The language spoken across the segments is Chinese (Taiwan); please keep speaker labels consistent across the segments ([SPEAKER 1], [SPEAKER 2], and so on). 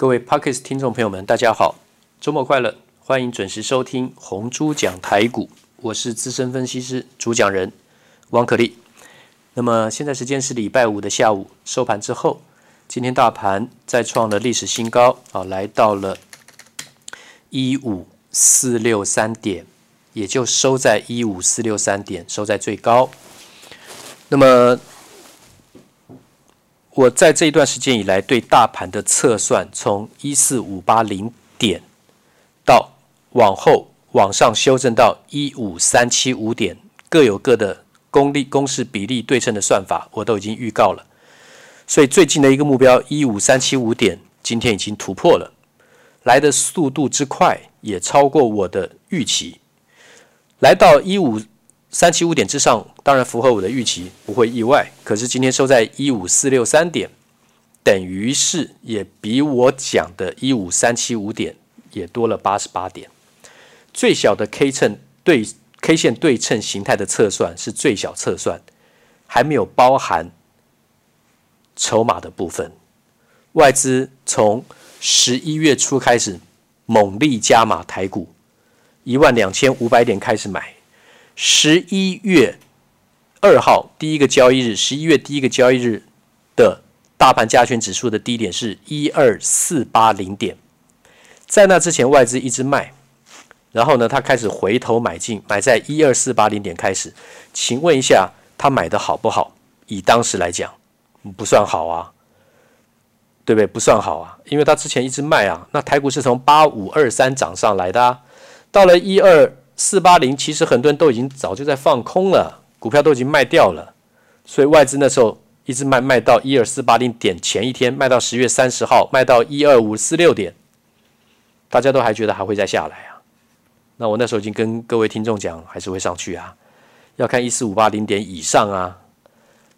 [SPEAKER 1] 各位 Podcast 聽眾朋友們，大家好，週末快樂！歡迎準時收聽紅豬講台股，我是資深分析師主講人王可立。那麼現在時間是禮拜五的下午收盤之後，今天大盤再創了歷史新高啊，來到了一五四六三點，也就收在一五四六三點，收在最高。那麼我在這一段時間以來對大盤的測算，從一四五八零點到往後往上修正到一五三七五點，各有各的公力公式比例對稱的算法，我都已經預告了。所以最近的一個目標一五三七五點，今天已經突破了，來的速度之快也超過我的預期，來到一五。三七五點之上，當然符合我的預期，不會意外。可是今天收在一五四六三點，等於是也比我講的一五三七五點也多了八十八點。最小的 K 秤對 K 線對稱形態的測算是最小測算，還沒有包含籌碼的部分。外資從十一月初開始猛力加碼台股，一萬兩千五百點開始買。十一月二號第一個交易日，十一月第一個交易日的大盤加權指數的低點是一二四八零點，在那之前外資一直賣，然後呢，他開始回頭買進，買在一二四八零點開始。請問一下，他買的好不好？以當時來講，不算好啊，對不對？不算好啊，因為他之前一直賣啊。那台股是從八五二三漲上來的啊，到了一二。四八零，其實很多人都已經早就在放空了，股票都已經賣掉了，所以外資那時候一直賣賣到一二四八零點，前一天賣到十月三十號，賣到一二五四六點，大家都還覺得還會再下來啊。那我那時候已經跟各位聽眾講，還是會上去啊，要看一四五八零點以上啊，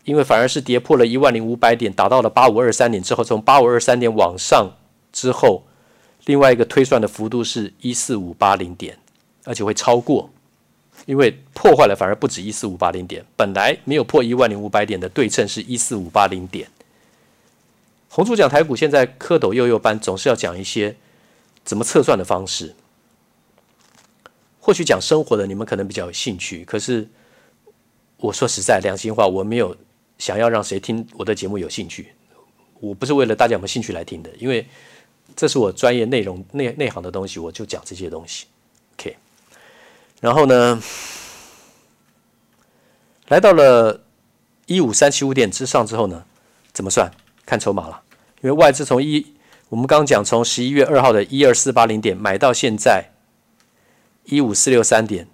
[SPEAKER 1] 因為反而是跌破了一萬零五百點，打到了八五二三點之後，從八五二三點往上之後，另外一個推算的幅度是一四五八零點。而且會超過，因為破壞了反而不止一四五八零點，本來沒有破一萬零五百點的對稱是一四五八零點。紅豬講台股現在蝌蚪幼幼班總是要講一些怎麼測算的方式，或許講生活的你們可能比較有興趣，可是我說實在良心話，我沒有想要讓誰聽我的節目有興趣，我不是為了大家有沒有興趣來聽的，因為這是我專業內容，內、內行的東西，我就講這些東西。然後呢，來到了一五三七五點之上之後呢，怎麼算？看籌碼了，因為外資從一，我們剛剛講從十一月二號的一二四八零點買到現在一五四六三點，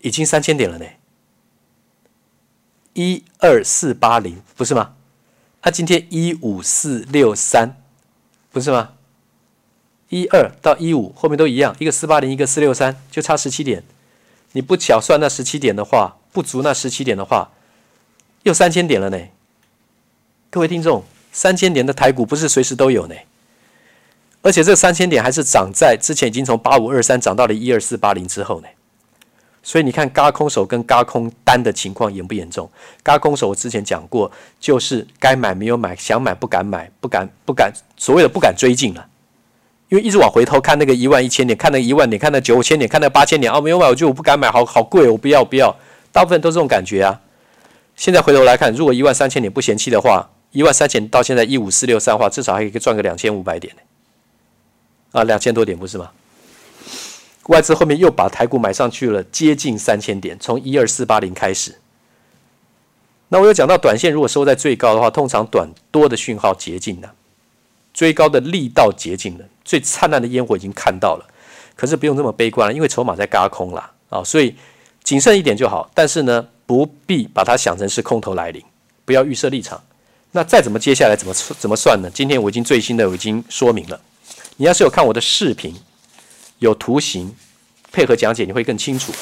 [SPEAKER 1] 已經三千點了呢。一二四八零不是嗎？那、啊、今天一五四六三不是嗎？一二到一五後面都一樣，一個四八零，一個四六三，就差十七點。你不巧算那十七點的話，不足那十七點的話，又三千點了呢。各位聽眾，三千點的台股不是隨時都有呢，而且這三千點還是漲在之前已經從八五二三漲到了一二四八零之後呢。所以你看，嘎空手跟嘎空單的情況嚴不嚴重？嘎空手我之前講過，就是該買沒有買，想買不敢買，不敢不敢，所謂的不敢追進了。因為一直往回頭看，那個一萬一千點，看那一萬點，看那九千點，看那八千點啊，沒有買，我覺得我不敢買，好好貴，我不要我不要。大部分都這種感覺啊。現在回頭來看，如果一萬三千點不嫌棄的話，一萬三千到現在一五四六三的話，至少還可以賺個兩千五百點啊，兩千多點不是嗎？外資後面又把台股買上去了，接近三千點，從一二四八零開始。那我有講到，短線如果收在最高的話，通常短多的訊號接近了，最高的力道接近了。最燦爛的煙火已經看到了，可是不用那麼悲觀了，因為籌碼在軋空了啊、哦，所以謹慎一點就好。但是呢，不必把它想成是空頭來臨，不要預設立場。那再怎麼接下來怎麼怎麼算呢？今天我已經最新的我已經說明了。你要是有看我的視頻，有圖形配合講解，你會更清楚。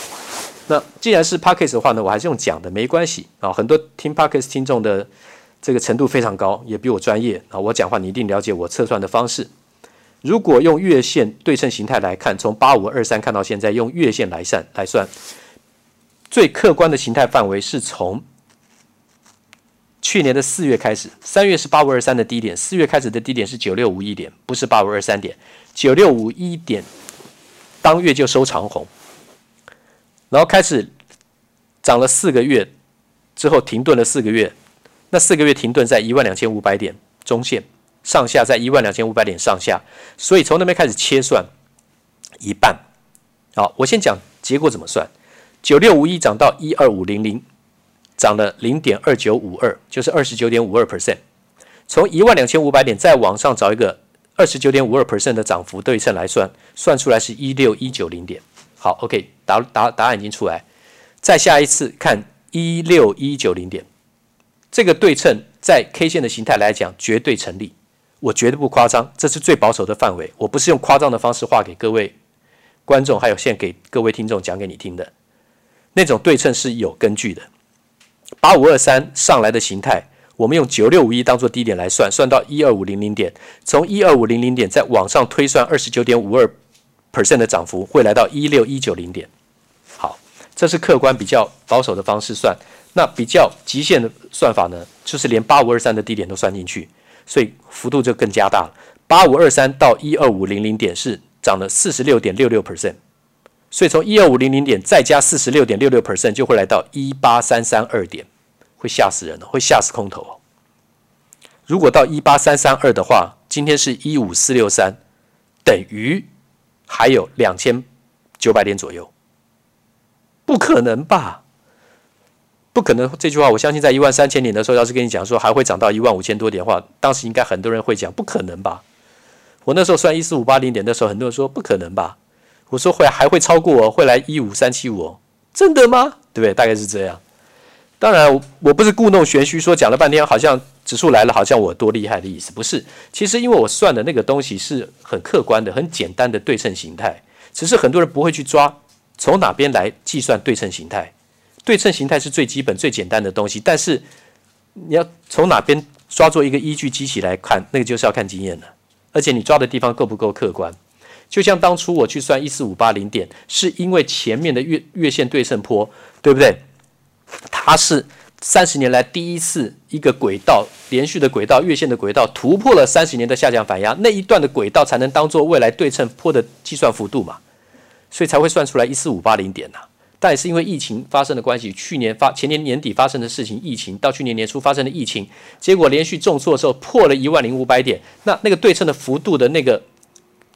[SPEAKER 1] 那既然是 Podcast 的話呢，我還是用講的沒關係啊、哦。很多聽 Podcast 聽眾的這個程度非常高，也比我專業啊、哦。我講話你一定了解我測算的方式。如果用月線對稱形態來看，從八五二三，看到現在，用月線來算來算，最客觀的形態範圍是從去年的四月開始，三月是八五二三的低點，四月開始的低點是九六五一點，不是八五二三點，九六五一點當月就收長紅，然後開始漲了四個月，之後停頓了四個月，那四個月停頓在一萬兩千五百點，中線。上下在一萬兩千五百點上下，所以從那邊開始切算一半。好，我先講結果怎麼算。九六五一漲到一二五零零，漲了零點二九五二，就是二十九點五二 percent。從一萬兩千五百點再往上找一個二十九點五二 percent 的漲幅對稱來算，算出來是一六一九零點。好，OK，答答答案已經出來。再下一次看一六一九零點，這個對稱在 K 線的形態來講絕對成立。我絕對不誇張，這是最保守的範圍。我不是用誇張的方式畫給各位觀眾，還有現給各位聽眾講給你聽的。那種對稱是有根據的。八五二三上來的形態，我們用九六五一當做低點來算，算到一二五零零點。從一二五零零點再往上推算二十九點五二 percent 的漲幅，會來到一六一九零點。好，這是客觀比較保守的方式算。那比較極限的算法呢，就是連八五二三的低點都算進去。所以幅度就更加大了，八五二三到一二五零零點是漲了四十六點六六 percent，所以從一二五零零點再加四十六點六六 percent 就會來到一八三三二點，會嚇死人了，會嚇死空頭。如果到一八三三二的話，今天是一五四六三，等於還有兩千九百點左右，不可能吧？不可能這句話，我相信在一萬三千點的時候，要是跟你講說還會漲到一萬五千多點的話，當時應該很多人會講不可能吧。我那時候算一四五八零點的時候，很多人說不可能吧。我說會還會超過我，哦，會來一五三七五真的嗎？對不對？大概是這樣。當然我，我不是故弄玄虛，說講了半天好像指數來了，好像我多厲害的意思，不是。其實因為我算的那個東西是很客觀的，很簡單的對稱形態，只是很多人不會去抓，從哪邊來計算對稱形態。對稱形態是最基本、最簡單的東西，但是你要從哪邊抓住一個依據，機器來看，那個就是要看經驗了。而且你抓的地方夠不夠客觀？就像當初我去算一四五八零點，是因為前面的月月線對稱坡，對不對？它是三十年來第一次一個軌道連續的軌道月線的軌道突破了三十年的下降反壓，那一段的軌道才能當做未來對稱坡的計算幅度嘛，所以才會算出來一四五八零點啊。但是因為疫情發生的關係，去年發，前年年底發生的事情，疫情，到去年年初發生的疫情，結果連續重挫的時候破了一萬零五百點，那那個對稱的幅度的那個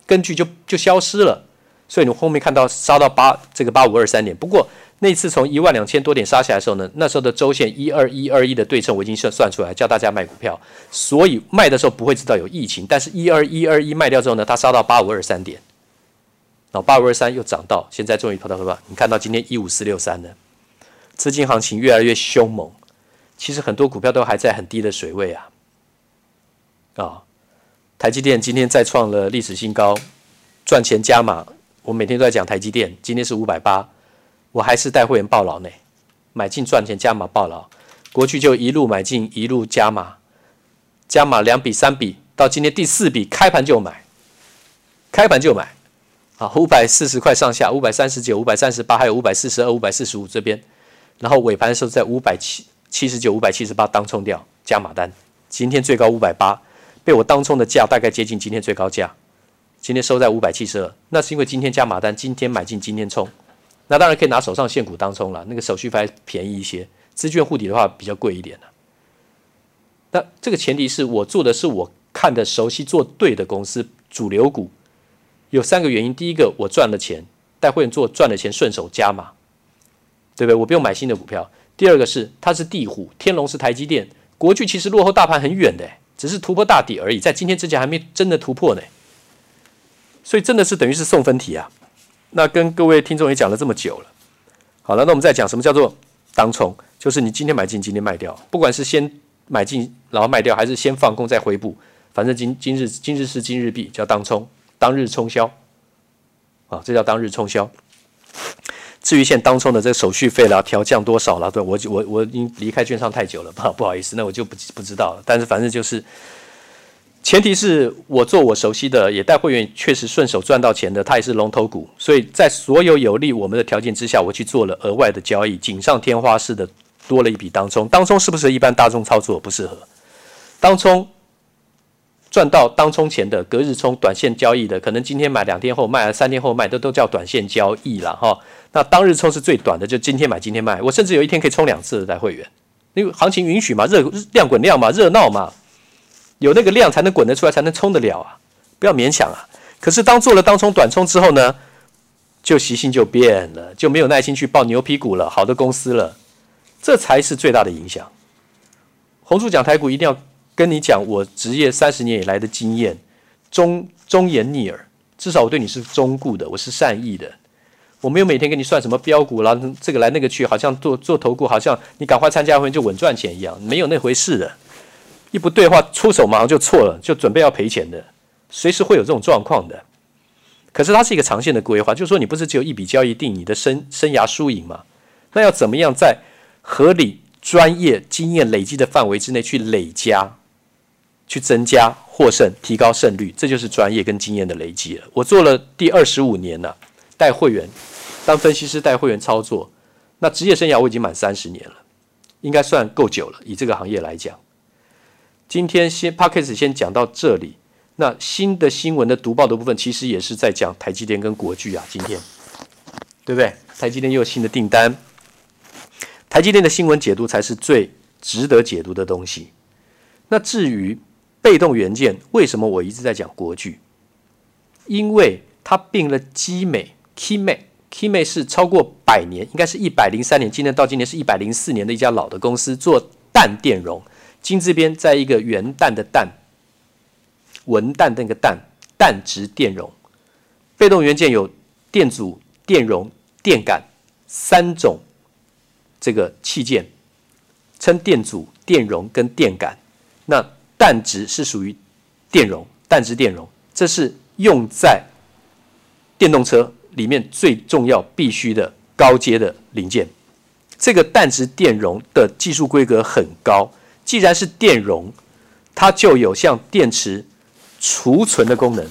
[SPEAKER 1] 根據就就消失了，所以你後面看到殺到八這個八五二三點。不過那次從一萬兩千多點殺起來的時候呢，那時候的週線一二一二一的對稱我已經算算出來，叫大家賣股票，所以賣的時候不會知道有疫情，但是一二一二一賣掉之後呢，它殺到八五二三點。八五二三又漲到現在，終於跑到了吧，你看到今天一五四六三了，資金行情越來越凶猛。其實很多股票都還在很低的水位啊啊、哦！台積電今天再創了歷史新高，賺錢加碼。我每天都在講台積電，今天是五百八，我還是帶會員抱牢呢，買進賺錢加碼抱牢，過去就一路買進一路加碼，加碼兩筆三筆，到今天第四筆開盤就買，開盤就買。啊，五百四十塊上下，五百三十九、五百三十八，還有五百四十二、五百四十五這邊，然後尾盤的時候在五百七七十九、五百七十八當沖掉加碼單，今天最高五百八，被我當沖的價大概接近今天最高價，今天收在五百七十二，那是因為今天加碼單，今天買進今天沖，那當然可以拿手上現股當沖了，那個手續費便宜一些，資券護底的話比較貴一點。那這個前提是我做的是我看的熟悉做對的公司，主流股。有三個原因，第一個我賺了錢，帶會員做賺了錢順手加碼，對不對？我不用買新的股票。第二個是它是地虎，天龍是台積電，國巨其實落後大盤很遠的，只是突破大底而已，在今天之前還沒真的突破呢，所以真的是等於是送分題啊。那跟各位聽眾也講了這麼久了，好了，那我們再講什麼叫做當沖，就是你今天買進今天賣掉，不管是先買進然後賣掉，還是先放空再回補，反正今今日今日是今日畢，叫當沖。當日沖銷，啊，這叫當日沖銷。至於現當沖的這個手續費啦、調降多少啦，對我我我已經離開券商太久了，好，不好意思，那我就不不知道了。但是反正就是，前提是我做我熟悉的，也帶會員確實順手賺到錢的，它也是龍頭股，所以在所有有利我們的條件之下，我去做了額外的交易，錦上添花式的多了一筆當沖。當沖是不是一般大眾操作不適合，當沖。賺到當沖錢的，隔日沖短線交易的，可能今天買兩天後賣，三天後賣，都都叫短線交易了哈。那當日沖是最短的，就今天買今天賣。我甚至有一天可以沖兩次的在會員，因為行情允許嘛，熱量滾量嘛，熱鬧嘛，有那個量才能滾得出來，才能沖得了啊！不要勉強啊。可是當做了當沖短沖之後呢，就習性就變了，就沒有耐心去抱牛皮股了，好的公司了，這才是最大的影響。紅豬講台股一定要。跟你講，我執業三十年以來的經驗，忠忠言逆耳，至少我對你是忠固的，我是善意的。我沒有每天跟你算什麼飆股啦，然後這個來那個去，好像做做投顧，好像你趕快參加會就穩賺錢一樣，沒有那回事的。一不對話出手馬上就錯了，就準備要賠錢的，隨時會有這種狀況的。可是它是一個長線的規劃，就是說你不是只有一筆交易定你的生生涯輸贏嘛？那要怎麼樣在合理、專業、經驗累積的範圍之內去累加？去增加獲勝，提高勝率，這就是專業跟經驗的累積了。我做了第二十五年了，啊，帶會員，當分析師帶會員操作，那職業生涯我已經滿三十年了，應該算夠久了。以這個行業來講，今天先 Podcast 先講到這裡。那新的新聞的讀報的部分，其實也是在講台積電跟國巨啊，今天，對不對？台積電又有新的訂單，台積電的新聞解讀才是最值得解讀的東西。那至於。被動元件，為什麼我一直在講國劇？因為它併了基美，k 美，基 i 是超過百年，應該是一百零三年，今年到今年是一百零四年的一家老的公司，做氮電容。金字邊在一個元旦的鉭，文旦，的那個旦，旦值電容。被動元件有電阻、電容、電感三種這個器件，稱電阻、電容跟電感。那氮值是屬於電容，氮值電容，這是用在電動車裡面最重要、必須的高階的零件。這個氮值電容的技術規格很高。既然是電容，它就有像電池儲存的功能。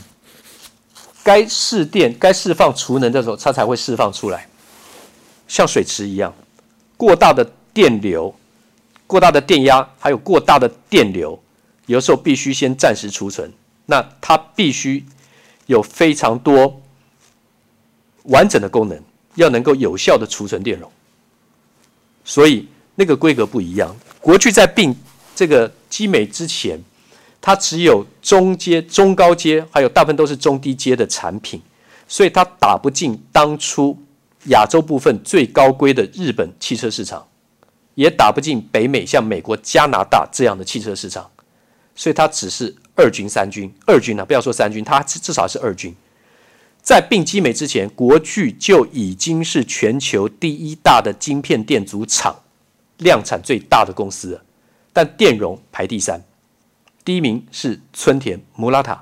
[SPEAKER 1] 該釋電、該釋放儲能的時候，它才會釋放出來，像水池一樣。過大的電流、過大的電壓，還有過大的電流。有時候必須先暫時儲存，那它必須有非常多完整的功能，要能夠有效的儲存電容，所以那個規格不一樣。國巨在併這個基美之前，它只有中階、中高階，還有大部分都是中低階的產品，所以它打不進當初亞洲部分最高規的日本汽車市場，也打不進北美像美國、加拿大這樣的汽車市場。所以它只是二軍、三軍，二軍呢、啊，不要說三軍，它至少是二軍。在併基美之前，國巨就已經是全球第一大的晶片電阻廠，量產最大的公司了，但電容排第三，第一名是村田、Murata。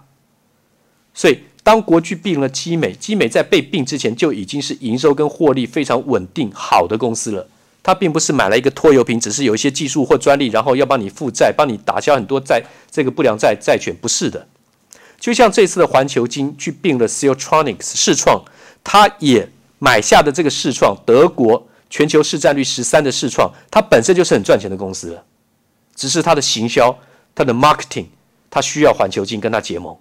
[SPEAKER 1] 所以當國巨併了基美，基美在被併之前就已經是營收跟獲利非常穩定、好的公司了。他並不是買了一個拖油瓶，只是有一些技術或專利，然後要幫你負債，幫你打消很多債這個不良債債權，不是的。就像這次的環球晶去並了 Siltronic 世創，他也買下的這個世創，德國全球市占率十三的世創，它本身就是很賺錢的公司了，只是它的行銷、它的 marketing，它需要環球晶跟他結盟，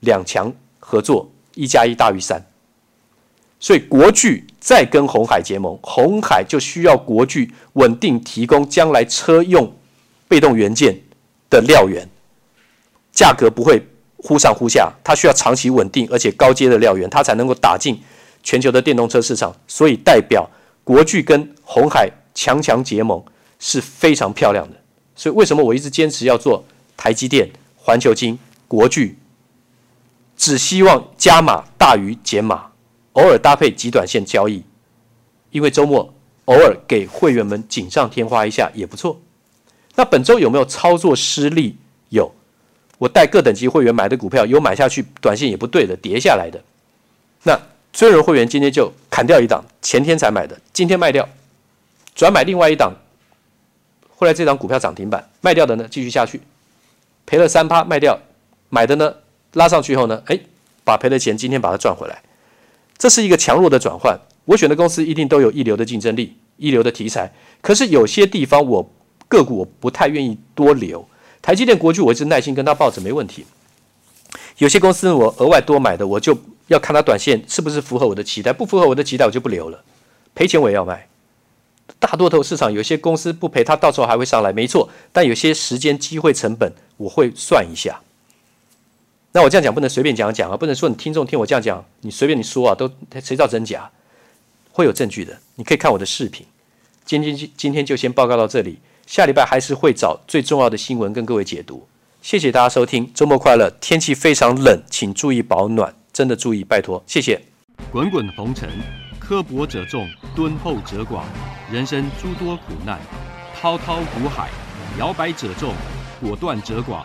[SPEAKER 1] 兩強合作，一加一大於三。所以國巨再跟鴻海結盟，鴻海就需要國巨穩定提供將來車用被動元件的料源，價格不會忽上忽下，它需要長期穩定而且高階的料源，它才能夠打進全球的電動車市場。所以代表國巨跟鴻海強強結盟是非常漂亮的。所以為什麼我一直堅持要做台積電、環球晶、國巨，只希望加碼大於減碼。偶爾搭配極短線交易，因為周末偶爾給會員們錦上添花一下也不錯。那本周有沒有操作失利？有，我帶各等級會員買的股票，有買下去短線也不對的，跌下來的。那尊榮會員今天就砍掉一檔，前天才買的，今天賣掉，轉買另外一檔。後來這檔股票漲停板賣掉的呢，繼續下去，賠了三趴賣掉，買的呢拉上去以後呢，哎、欸，把賠的錢今天把它賺回來。這是一個強弱的轉換。我選的公司一定都有一流的競爭力、一流的題材。可是有些地方，我個股我不太願意多留。台積電、國巨我一直耐心跟他抱着沒問題。有些公司我額外多買的，我就要看它短線是不是符合我的期待，不符合我的期待我就不留了，賠錢我也要賣。大多頭市場有些公司不賠，它到時候還會上來，沒錯。但有些時間、機會、成本，我會算一下。那我這樣講不能隨便講講啊，不能說你聽眾聽我這樣講，你隨便你說啊，都誰知道真假？會有證據的，你可以看我的視頻。今今今天就先報告到這裡，下禮拜還是會找最重要的新聞跟各位解讀。謝謝大家收聽，周末快樂！天氣非常冷，請注意保暖，真的注意，拜托，謝謝。滾滾紅塵，刻薄者眾，敦厚者寡；人生諸多苦難，滔滔苦海，搖擺者眾，果斷者寡。